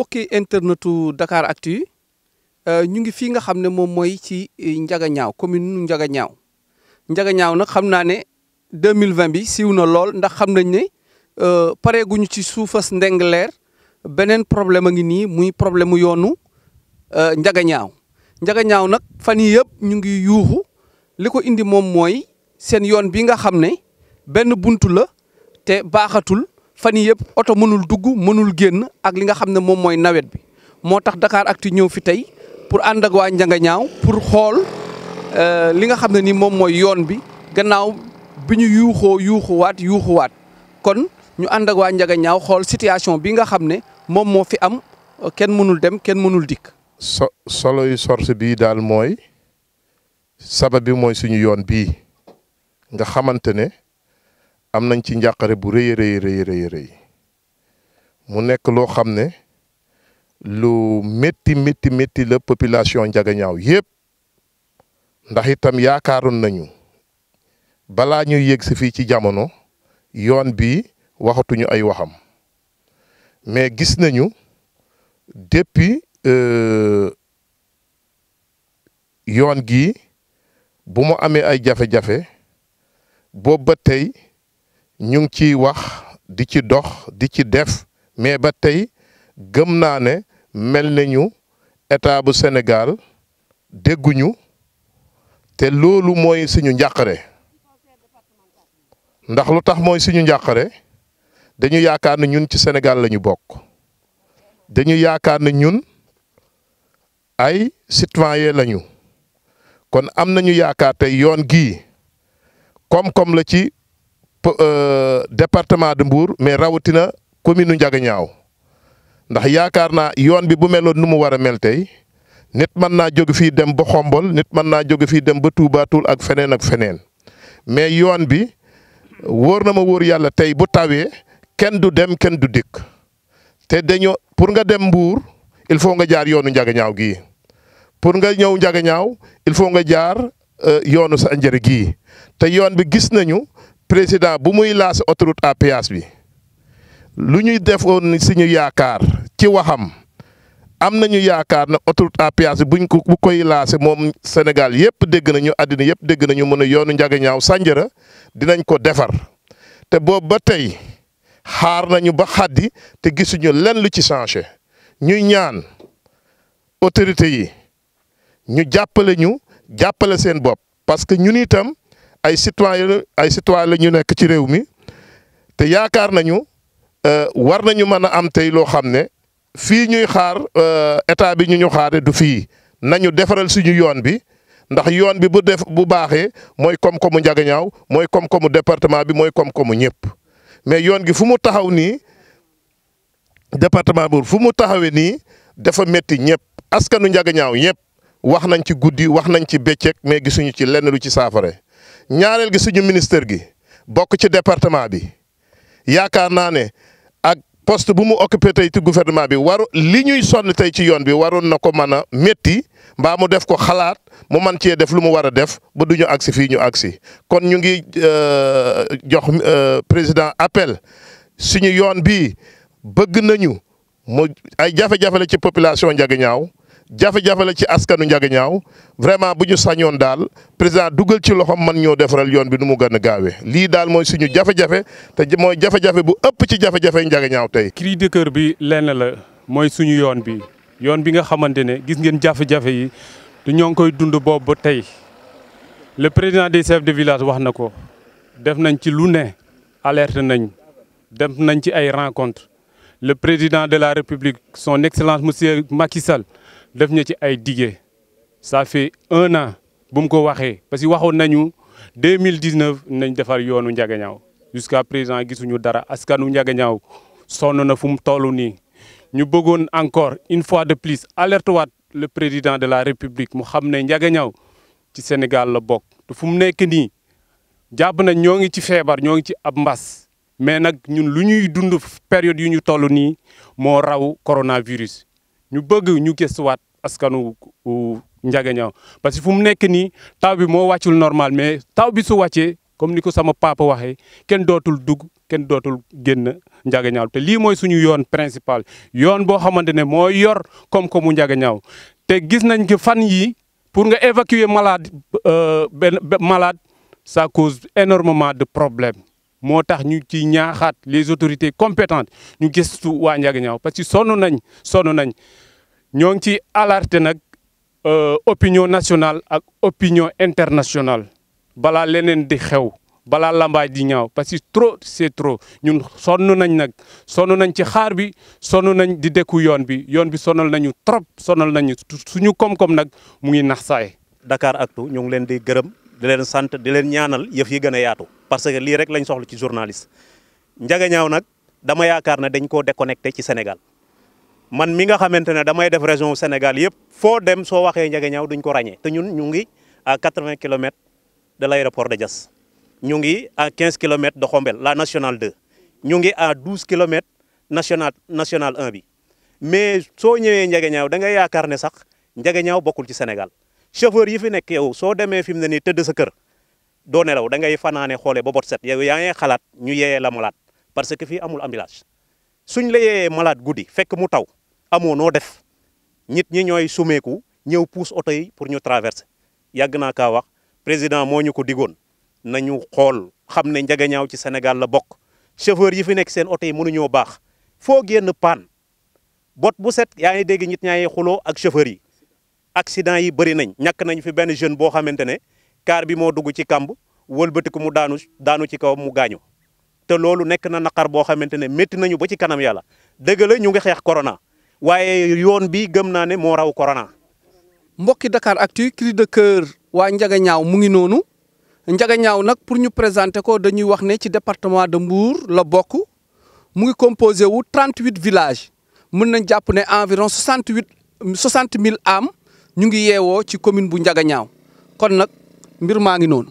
mbokki internetu Dakar Actu euh, ñu ngi fii nga xam ne moom mooy ci euh, Njaga Ñaaw commune Njaga Ñaaw Njaga Ñaaw nag xam naa ne 2020 bi siiw na lool ndax xam nañ ne euh, pareeguñu ci suufas ndeng leer beneen problème a ngi nii muy problème mu yoonu Njaga Ñaaw Njaga Ñaaw nag fan yii yëpp ñu ngi yuuxu li ko indi moom mooy seen yoon bi nga xam ne benn buntu la te baaxatul fan yii yëpp oto mënul dugg mënul génn ak li nga xam ne moom mooy nawet bi moo tax dakaar ak Dakaractu ñëw fi tey pour ànd ak waa ñaaw pour xool euh, li nga xam ne ni moom mooy yoon bi gannaaw bi ñu yuuxoo yuuxuwaat yuuxuwaat kon ñu ànd ak waa ñaaw xool situation bi nga xam ne moom moo fi am kenn mënul dem kenn mënul dikk. so solo yu sorce bii daal mooy sabab bi mooy suñu yoon bii nga xamante ne. am nañ ci njàqare bu rëy rëy rëy rëy mu nekk loo xam ne lu métti métti métti la population Njagañaaw yëpp ndax itam yaakaaroon nañu balaa ñuy yëg si fii ci jamono yoon bi waxatuñu ay waxam mais gis nañu depuis euh, yoon gi bu mu amee ay jafe-jafe boobu ba tey ñu ngi ciy wax di ci dox di ci def mais ba tey gëm naa ne mel nañu état bu Sénégal dégguñu te loolu mooy suñu njàqare ndax lu tax mooy suñu njàqare dañu yaakaar ne ñun ci Sénégal lañu bokk dañu yaakaar ne ñun ay citoyen lañu kon am nañu yaakaar tey yoon gii koom-koom la ci Euh, département de Mbour mais rawatina commune ñaaw ndax yaakaar naa yoon bi bu meloon nu mu war a mel tey nit mën naa jóge fii dem ba Xombol nit mën naa jóge fii dem ba Touba ak feneen ak feneen mais yoon bi wóor na ma wóor yàlla tey bu tawee kenn du dem kenn du dikk te dañoo pour nga dem mbuur il faut nga jaar yoonu ñaaw gi pour nga ñëw Ndiaganiao il faut nga jaar euh, yoonu sa njëriñ gii te yoon bi gis nañu. président bu muy lancé autoroute à bi lu ñuy defoon suñu yaakaar ci waxam am nañu yaakaar ne autoroute à péage bi buñ ko bu koy lancé moom Sénégal yëpp dégg nañu àddina yëpp dégg nañu mën a yoonu Ndiaganiao Sandiara dinañ ko defar te boobu ba tey xaar nañu ba xaddi te gisuñu lenn lu ci changé ñuy ñaan autorité yi ñu jàppale ñu jàppale seen bopp parce que ñun itam ay citoyen ay citoyen la ñu nekk ci réew mi te yaakaar nañu euh, war nañu mën a am tey loo xam ne fii ñuy xaar euh, état bi ñu ñu xaare du fii nañu defaral suñu yoon bi ndax yoon bi bu def bu baaxee mooy koom-koomu ñaaw mooy koom-koomu département bi mooy koom-koomu ñëpp mais yoon gi fu mu taxaw nii département Mbour fu mu taxawee nii dafa métti ñëpp askanu ñaaw ñëpp wax nañ ci guddi wax nañ ci bëccëg mais gisuñu ci lenn lu ci saafara ñaareel gi suñu ministère gi bokk ci département bi yaakaar naa ne ak poste bu mu occupé tey ci gouvernement bi war li ñuy sonn tey ci yoon bi waroon na ko mën a métti mbaa mu def ko xalaat mu man cee def lu mu war a def ba du ñu agsi fii ñu agsi kon ñu ngi euh, jox euh, président appel suñu yoon bi bëgg nañu mu ay jafe-jafe la ci population Ndiaganiao jafe-jafe la ci askanu ñaaw vraiment bu ñu sañoon daal président dugal ci loxoom man ñoo defaral yoon bi nu mu gën a gaawee lii daal mooy suñu jafe-jafe te mooy jafe-jafe bu ëpp ci jafe-jafe ñaaw tey. cri de bi lenn la mooy suñu yoon bi yoon bi nga xamante ne gis ngeen jafe-jafe yi du ñoo ngi koy dund boobu ba tey le président des chefs de village wax na ko def nañ ci lu ne alerte nañ def nañ ci ay rencontre le président de la république son excellence monsieur Macky Sall. def ñu ci ay dige ça fait un an bu mu ko waxee parce que waxoon nañu 2019 nañ defar yoonu Ndiaganiao jusqu'à président gisuñu dara askanu Ndiaganiao sonn na fu mu toll nii ñu bëggoon encore une fois de plus alerte waat le président de la république mu xam ne Ndiaganiao ci Sénégal la bokk te fu mu nekk nii jàpp nañ ñoo ngi ci feebar ñoo ngi ci ab mbas mais nag ñun lu ñuy dund période yu ñu toll nii moo raw coronavirus ñu bëgg ñu gëstuwaat askanu Ndiaganiao parce que fu mu nekk nii taw bi moo wàccul normal mais taw bi su wàccee comme ni ko sama papa waxee kenn dootul dugg kenn dootul génn Ndiaganiao te lii mooy suñu yoon principal yoon boo xamante ne moo yor kom koom-koomu Ndiaganiao te gis nañ fan yii pour nga évacuer malade euh, benn malade ça cause énormément de problème moo tax ñu ci ñaaxaat les autorités compétentes ñu gëstu waa Ndiaganiao parce que sono nañ sono nañ ñoo ngi ci alerté nag euh, opinion nationale ak opinion internationale balaa leneen di xew balaa lambaaj di ñaaw parce que trop c'est trop ñun sonn nañ nag sonn nañ ci xaar bi sonn nañ di dëkku yoon bi yoon bi sonal nañu trop sonal nañu suñu koom-koom nag mu ngi nax saay Dakaractu ñu ngi leen di gërëm di leen sant di leen ñaanal yëf yi gën a yaatu parce que lii rek lañ soxla ci journaliste Ndiaga ñaaw nag dama yaakaar ne dañ koo déconnecté ci Sénégal man mi nga xamante ne damay def région Sénégal yëpp foo dem soo waxee Ndiaga ñaaw duñ ko ràññee te ñun ñu ngi à 80 kilomètres de l'aéroport de Diass ñu ngi à 15 kilomètres de Xombel la nationale 2 ñu ngi à 12 kilomètres nationale national 1 bi mais soo ñëwee Ndiaga Niang da ngay yaakaar ne sax Ndiaga Niang bokkul ci Sénégal chauffeur yi fi nekk yow soo demee fi mu ne nii tëdd sa kër doo nelaw da ngay fanaane xoolee ba bot set yow yaa ngi xalaat ñu yeyee la malaat parce que fii amul ambulance suñ la yeyee malade guddi fekk mu taw amoo noo def nit ñi ñooy sumeeku ñëw puus oto yi pour ñu traverser yàgg naa kaa wax président moo ñu ko na ñu xool xam ne ñaaw ci Sénégal la bokk chauffeur yi fi nekk seen oto yi mënuñoo baax foo génn paan bot bu set yaa ngi dégg nit ñaa ngi xuloo ak chauffeur yi accident yi bëri nañ ñàkk nañ fi benn jeune boo xamante ne kaar bi moo dugg ci kàmb wëlbatiku mu daanu daanu ci kaw mu gaañu te loolu nekk na naqar boo xamante ne métti nañu ba ci kanam yàlla dëgg ñu ngi xeex korona waaye yoon bi gëm naa ne moo raw corona. mbokki Dakaractu cri de cœur waa Njaga ñaaw mu ngi noonu Njaga ñaaw nag pour ñu présenter ko dañuy wax ne ci département de Mbour la bokk mu ngi composé wu 38 villages mën nañ jàpp ne environ 68 60 000 âmes. ñu ngi yeewoo ci commune bu Ndiaganiao kon nag mbir maa ngi noonu.